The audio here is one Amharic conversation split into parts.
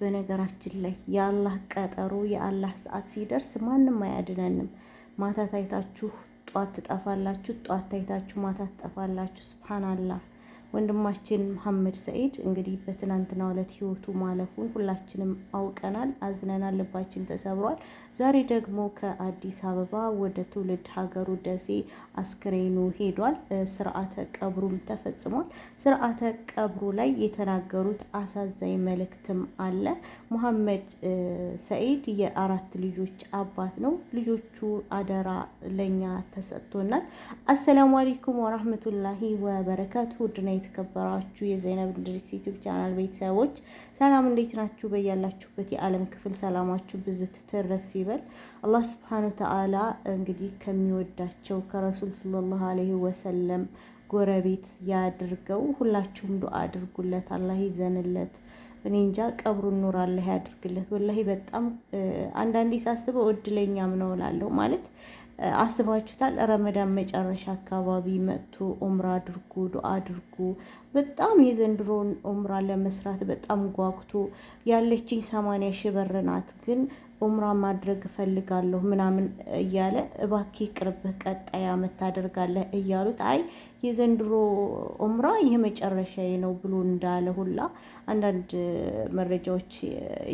በነገራችን ላይ የአላህ ቀጠሮ የአላህ ሰዓት ሲደርስ ማንም አያድነንም። ማታ ታይታችሁ ጧት ትጠፋላችሁ፣ ጧት ታይታችሁ ማታ ትጠፋላችሁ። አላህ። ወንድማችን መሐመድ ሰኢድ እንግዲህ በትናንትናው ዕለት ህይወቱ ማለፉን ሁላችንም አውቀናል፣ አዝነናል፣ ልባችን ተሰብሯል። ዛሬ ደግሞ ከአዲስ አበባ ወደ ትውልድ ሀገሩ ደሴ አስክሬኑ ሄዷል። ስርዓተ ቀብሩም ተፈጽሟል። ስርዓተ ቀብሩ ላይ የተናገሩት አሳዛኝ መልእክትም አለ። መሐመድ ሰኢድ የአራት ልጆች አባት ነው። ልጆቹ አደራ ለኛ ተሰጥቶናል። አሰላሙ አለይኩም ወራህመቱላሂ ወበረካቱ ድና የተከበራችሁ የዘይነብ እንድሪስ ዩቲዩብ ቻናል ቤተሰቦች ሰላም፣ እንዴት ናችሁ? በያላችሁበት የዓለም ክፍል ሰላማችሁ ብዝ ትረፍ ይበል። አላህ ስብሓነሁ ተዓላ እንግዲህ ከሚወዳቸው ከረሱል ሰለላሁ ዐለይሂ ወሰለም ጎረቤት ያድርገው። ሁላችሁም ዱአ አድርጉለት፣ አላህ ይዘንለት። እኔ እንጃ ቀብሩ ኑር አላህ ያድርግለት። ወላሂ በጣም አንዳንዴ ሳስበው እድለኛም ነው እላለሁ ማለት አስባችሁታል? ረመዳን መጨረሻ አካባቢ መጥቶ ኦምራ አድርጉ፣ ዱአ አድርጉ። በጣም የዘንድሮን ኦምራ ለመስራት በጣም ጓጉቶ ያለችኝ ሰማንያ ሺህ ብር ናት፣ ግን ኦምራ ማድረግ እፈልጋለሁ ምናምን እያለ እባኬ ቅርብህ ቀጣይ አመት ታደርጋለህ እያሉት አይ የዘንድሮ ኦምራ ይህ መጨረሻዬ ነው ብሎ እንዳለ ሁላ አንዳንድ መረጃዎች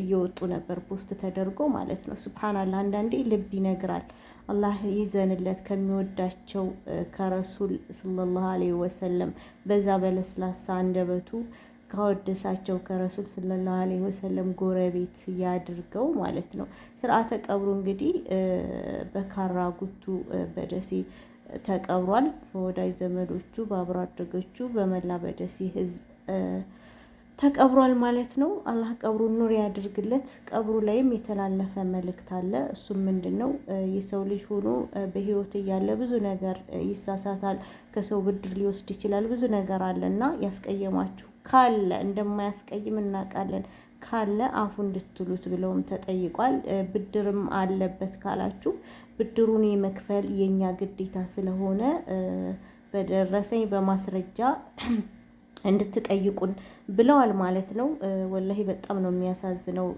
እየወጡ ነበር፣ ፖስት ተደርጎ ማለት ነው። ስብሓናላህ አንዳንዴ ልብ ይነግራል። አላህ ይዘንለት ከሚወዳቸው ከረሱል ሰለላሁ አለይሂ ወሰለም በዛ በለስላሳ አንደበቱ ካወደሳቸው ከረሱል ሰለላሁ አለይሂ ወሰለም ጎረቤት ያድርገው ማለት ነው። ስርዓተ ቀብሩ እንግዲህ በካራ ጉቱ በደሴ ተቀብሯል። በወዳጅ ዘመዶቹ፣ በአብሮ አደጎቹ፣ በመላ በደሴ ህዝብ ተቀብሯል ማለት ነው። አላህ ቀብሩን ኑር ያድርግለት። ቀብሩ ላይም የተላለፈ መልእክት አለ። እሱም ምንድን ነው? የሰው ልጅ ሆኖ በህይወት እያለ ብዙ ነገር ይሳሳታል። ከሰው ብድር ሊወስድ ይችላል። ብዙ ነገር አለ እና ያስቀየማችሁ ካለ እንደማያስቀይም እናውቃለን ካለ አፉ እንድትሉት ብለውም ተጠይቋል። ብድርም አለበት ካላችሁ ብድሩን የመክፈል የእኛ ግዴታ ስለሆነ በደረሰኝ በማስረጃ እንድትጠይቁን ብለዋል ማለት ነው። ወላሂ በጣም ነው የሚያሳዝነው።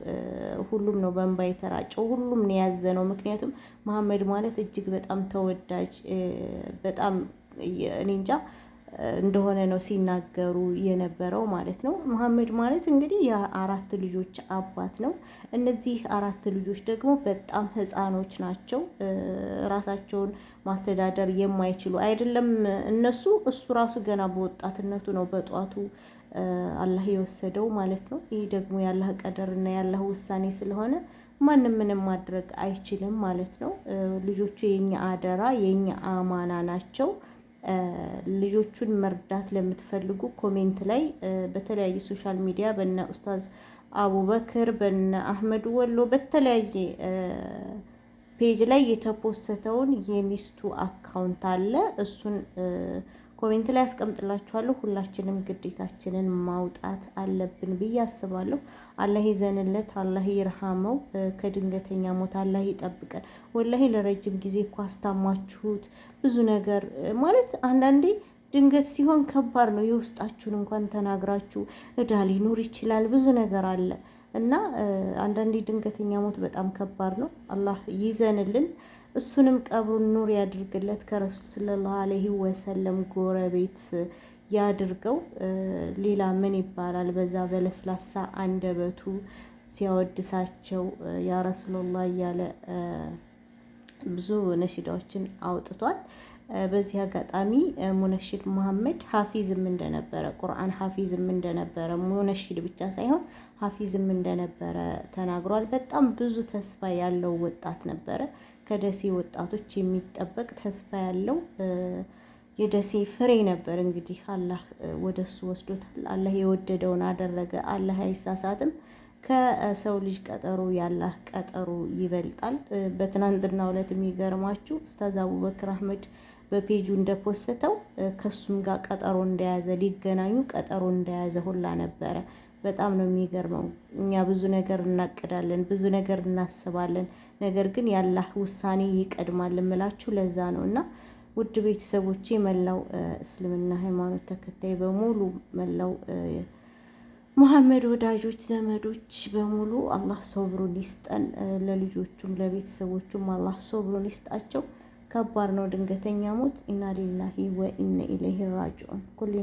ሁሉም ነው በእንባ የተራጨው፣ ሁሉም ነው ያዘነው። ምክንያቱም መሐመድ ማለት እጅግ በጣም ተወዳጅ በጣም እኔ እንጃ እንደሆነ ነው ሲናገሩ የነበረው ማለት ነው። መሐመድ ማለት እንግዲህ የአራት ልጆች አባት ነው። እነዚህ አራት ልጆች ደግሞ በጣም ሕፃኖች ናቸው። ራሳቸውን ማስተዳደር የማይችሉ አይደለም እነሱ እሱ ራሱ ገና በወጣትነቱ ነው በጧቱ አላህ የወሰደው ማለት ነው። ይህ ደግሞ ቀደር ቀደርና ያላህ ውሳኔ ስለሆነ ማንም ምንም ማድረግ አይችልም ማለት ነው። ልጆቹ የኛ አደራ የኛ አማና ናቸው። ልጆቹን መርዳት ለምትፈልጉ ኮሜንት ላይ በተለያየ ሶሻል ሚዲያ በነ ኡስታዝ አቡበክር በነ አህመድ ወሎ በተለያየ ፔጅ ላይ የተፖሰተውን የሚስቱ አካውንት አለ እሱን ኮሜንት ላይ አስቀምጥላችኋለሁ ሁላችንም ግዴታችንን ማውጣት አለብን ብዬ አስባለሁ። አላህ ይዘንለት፣ አላህ ይርሃመው፣ ከድንገተኛ ሞት አላህ ይጠብቀን። ወላሂ ለረጅም ጊዜ እኮ አስታማችሁት ብዙ ነገር ማለት አንዳንዴ ድንገት ሲሆን ከባድ ነው። የውስጣችሁን እንኳን ተናግራችሁ እዳ ሊኖር ይችላል። ብዙ ነገር አለ እና አንዳንዴ ድንገተኛ ሞት በጣም ከባድ ነው። አላህ ይዘንልን። እሱንም ቀብሩን ኑር ያድርግለት ከረሱል ሰለላሁ ዐለይሂ ወሰለም ጎረቤት ያድርገው። ሌላ ምን ይባላል? በዛ በለስላሳ አንደበቱ ሲያወድሳቸው ያ ረሱሉላህ እያለ ብዙ ነሽዳዎችን አውጥቷል። በዚህ አጋጣሚ ሙነሽድ መሐመድ ሀፊዝም እንደነበረ ቁርአን ሀፊዝም እንደነበረ ሙነሽድ ብቻ ሳይሆን ሀፊዝም እንደነበረ ተናግሯል። በጣም ብዙ ተስፋ ያለው ወጣት ነበረ። ከደሴ ወጣቶች የሚጠበቅ ተስፋ ያለው የደሴ ፍሬ ነበር። እንግዲህ አላህ ወደ እሱ ወስዶታል። አላህ የወደደውን አደረገ። አላህ አይሳሳትም። ከሰው ልጅ ቀጠሮ ያላህ ቀጠሮ ይበልጣል። በትናንትና ዕለት የሚገርማችሁ ኡስታዝ አቡበክር አህመድ በፔጁ እንደፖሰተው ከሱም ጋር ቀጠሮ እንደያዘ ሊገናኙ ቀጠሮ እንደያዘ ሁላ ነበረ። በጣም ነው የሚገርመው። እኛ ብዙ ነገር እናቅዳለን፣ ብዙ ነገር እናስባለን ነገር ግን የአላህ ውሳኔ ይቀድማል እምላችሁ ለዛ ነው እና ውድ ቤተሰቦቼ መላው እስልምና ሃይማኖት ተከታይ በሙሉ መላው ሙሐመድ ወዳጆች፣ ዘመዶች በሙሉ አላህ ሶብሩን ይስጠን። ለልጆቹም ለቤተሰቦቹም አላህ ሶብሩን ይስጣቸው። ከባድ ነው ድንገተኛ ሞት። ኢና ሊላሂ ወኢነ ኢለይሂ ራጅዑን።